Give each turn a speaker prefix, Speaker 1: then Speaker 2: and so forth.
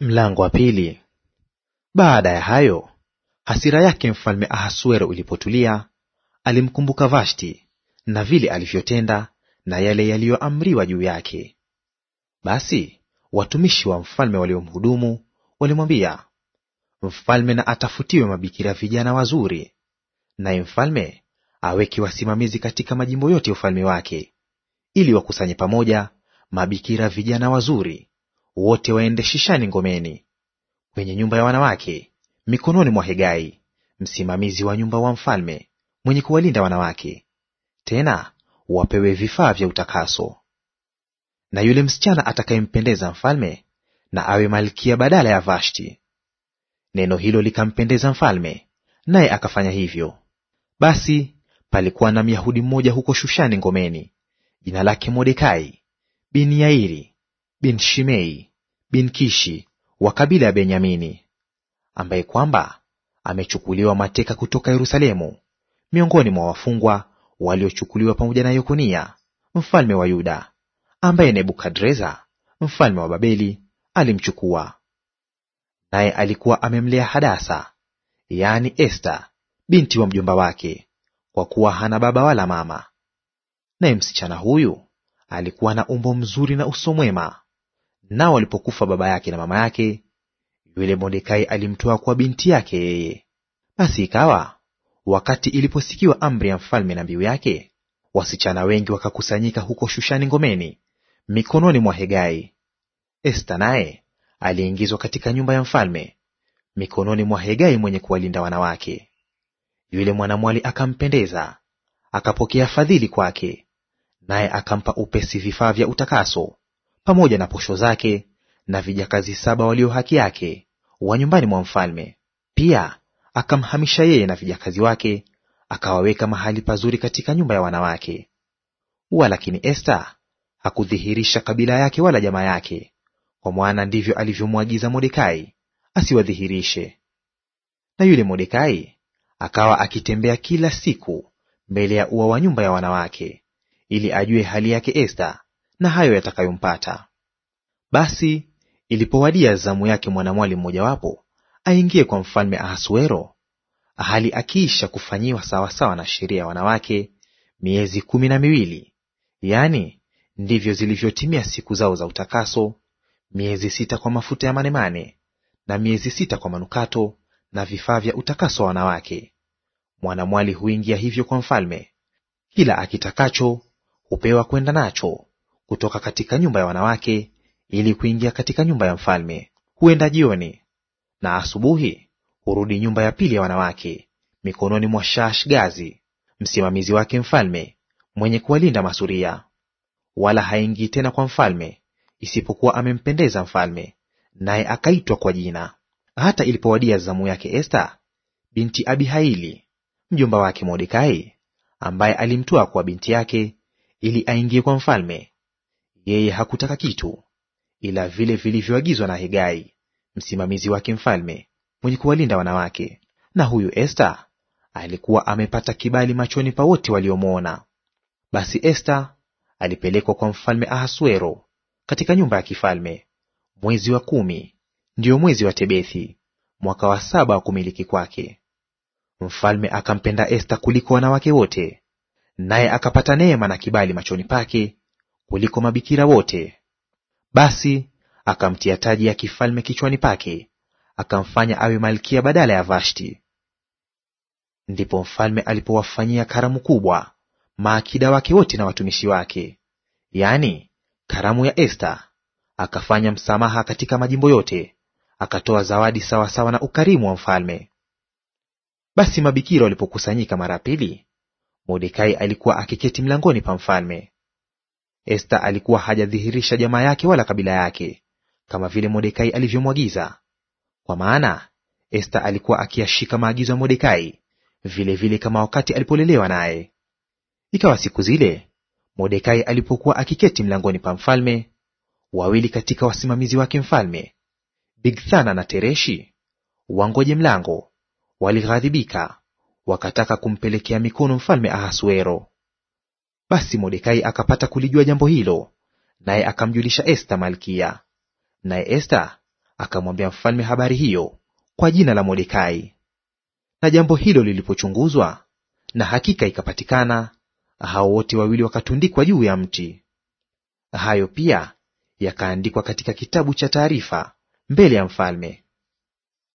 Speaker 1: Mlango wa pili. Baada ya hayo, hasira yake mfalme Ahasuero ilipotulia, alimkumbuka Vashti na vile alivyotenda na yale yaliyoamriwa juu yake. Basi watumishi wa mfalme waliomhudumu walimwambia, mfalme na atafutiwe mabikira vijana wazuri, naye mfalme aweke wasimamizi katika majimbo yote ya ufalme wake, ili wakusanye pamoja mabikira vijana wazuri wote waende Shishani ngomeni, kwenye nyumba ya wanawake, mikononi mwa Hegai msimamizi wa nyumba wa mfalme, mwenye kuwalinda wanawake; tena wapewe vifaa vya utakaso. Na yule msichana atakayempendeza mfalme na awe malkia badala ya Vashti. Neno hilo likampendeza mfalme, naye akafanya hivyo. Basi palikuwa na Myahudi mmoja huko Shushani ngomeni, jina lake modekai bin Yairi bin Shimei bin Kishi wa kabila ya Benyamini, ambaye kwamba amechukuliwa mateka kutoka Yerusalemu miongoni mwa wafungwa waliochukuliwa pamoja na Yekonia mfalme wa Yuda, ambaye Nebukadreza mfalme wa Babeli alimchukua. Naye alikuwa amemlea Hadasa, yaani Esta, binti wa mjomba wake, kwa kuwa hana baba wala mama. Naye msichana huyu alikuwa na umbo mzuri na uso mwema, Nao walipokufa baba yake na mama yake, yule Mordekai alimtoa kwa binti yake yeye. Basi ikawa wakati iliposikiwa amri ya mfalme na mbiu yake, wasichana wengi wakakusanyika huko Shushani ngomeni mikononi mwa Hegai. Esta naye aliingizwa katika nyumba ya mfalme mikononi mwa Hegai mwenye kuwalinda wanawake. Yule mwanamwali akampendeza, akapokea fadhili kwake, naye akampa upesi vifaa vya utakaso pamoja na posho zake na vijakazi saba walio haki yake wa nyumbani mwa mfalme. Pia akamhamisha yeye na vijakazi wake, akawaweka mahali pazuri katika nyumba ya wanawake. Walakini Esta hakudhihirisha kabila yake wala jamaa yake, kwa maana ndivyo alivyomwagiza Mordekai asiwadhihirishe. Na yule Mordekai akawa akitembea kila siku mbele ya ua wa nyumba ya wanawake, ili ajue hali yake Esta na hayo yatakayompata. Basi ilipowadia zamu yake mwanamwali mmojawapo aingie kwa mfalme Ahasuero, hali akiisha kufanyiwa sawasawa na sheria ya wanawake miezi kumi na miwili, yaani ndivyo zilivyotimia siku zao za utakaso, miezi sita kwa mafuta ya manemane na miezi sita kwa manukato na vifaa vya utakaso wa wanawake. Mwanamwali huingia hivyo kwa mfalme, kila akitakacho hupewa kwenda nacho, kutoka katika nyumba ya wanawake ili kuingia katika nyumba ya mfalme. Huenda jioni na asubuhi hurudi nyumba ya pili ya wanawake mikononi mwa Shaashgazi msimamizi wake mfalme, mwenye kuwalinda masuria. Wala haingii tena kwa mfalme, isipokuwa amempendeza mfalme, naye akaitwa kwa jina. Hata ilipowadia zamu yake Esta binti Abihaili mjomba wake Mordekai, ambaye alimtoa kuwa binti yake, ili aingie kwa mfalme, yeye hakutaka kitu ila vile vilivyoagizwa na Hegai msimamizi wake mfalme, mwenye kuwalinda wanawake. Na huyu Esta alikuwa amepata kibali machoni pa wote waliomwona. Basi Esta alipelekwa kwa mfalme Ahasuero katika nyumba ya kifalme mwezi wa kumi, ndiyo mwezi wa Tebethi, mwaka wa saba wa kumiliki kwake. Mfalme akampenda Esta kuliko wanawake wote, naye akapata neema na kibali machoni pake kuliko mabikira wote. Basi akamtia taji ya kifalme kichwani pake, akamfanya awe malkia badala ya Vashti. Ndipo mfalme alipowafanyia karamu kubwa maakida wake wote na watumishi wake, yaani karamu ya Esta, akafanya msamaha katika majimbo yote, akatoa zawadi sawasawa na ukarimu wa mfalme. Basi mabikira walipokusanyika mara pili, Mordekai alikuwa akiketi mlangoni pa mfalme. Esta alikuwa hajadhihirisha jamaa yake wala kabila yake, kama vile Mordekai alivyomwagiza. Kwa maana Esta alikuwa akiyashika maagizo ya Mordekai vilevile vile kama wakati alipolelewa naye. Ikawa siku zile Mordekai alipokuwa akiketi mlangoni pa mfalme, wawili katika wasimamizi wake mfalme, Bigthana na Tereshi, wangoje mlango, walighadhibika, wakataka kumpelekea mikono mfalme Ahasuero. Basi Mordekai akapata kulijua jambo hilo, naye akamjulisha Esta malkia. Naye Esta akamwambia mfalme habari hiyo kwa jina la Mordekai. Na jambo hilo lilipochunguzwa, na hakika ikapatikana, hao wote wawili wakatundikwa juu ya mti. Hayo pia yakaandikwa katika kitabu cha taarifa mbele ya mfalme.